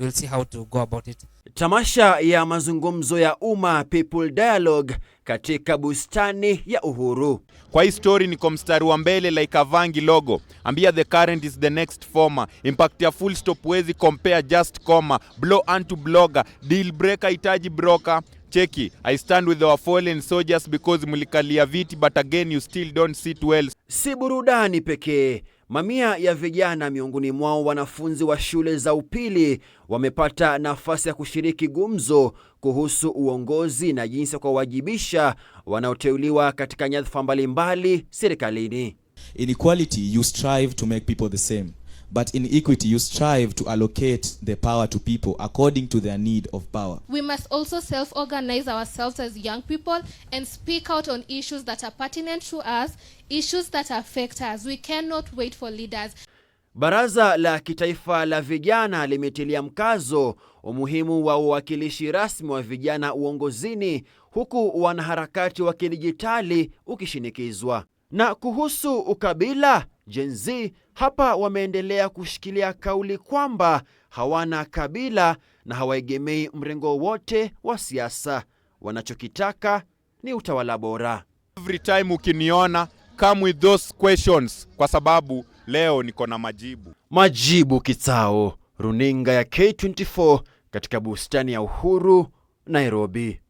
we'll see how to go about it. Tamasha ya mazungumzo ya umma People Dialogue katika bustani ya Uhuru. Kwa hii story niko mstari wa mbele like Avangi logo. Ambia the current is the next former. Impact ya full stop wezi compare just comma. Blow unto blogger. Deal breaker itaji broker. Cheki, I stand with our fallen soldiers because mulikalia viti but again you still don't sit well. Si burudani pekee Mamia ya vijana miongoni mwao wanafunzi wa shule za upili wamepata nafasi ya kushiriki gumzo kuhusu uongozi na jinsi ya kuwawajibisha wanaoteuliwa katika nyadhifa mbalimbali serikalini. Inequality, you strive to make people the same. But in equity, you strive to allocate the power to people according to their need of power. We must also self organize ourselves as young people and speak out on issues that are pertinent to us, issues that affect us. We cannot wait for leaders. Baraza la Kitaifa la Vijana limetilia mkazo umuhimu wa uwakilishi rasmi wa vijana uongozini, huku wanaharakati wa kidijitali ukishinikizwa. Na kuhusu ukabila Gen Z hapa wameendelea kushikilia kauli kwamba hawana kabila na hawaegemei mrengo wote wa siasa. Wanachokitaka ni utawala bora. Every time ukiniona come with those questions, kwa sababu leo niko na majibu. Majibu Kitao, runinga ya K24 katika bustani ya Uhuru, Nairobi.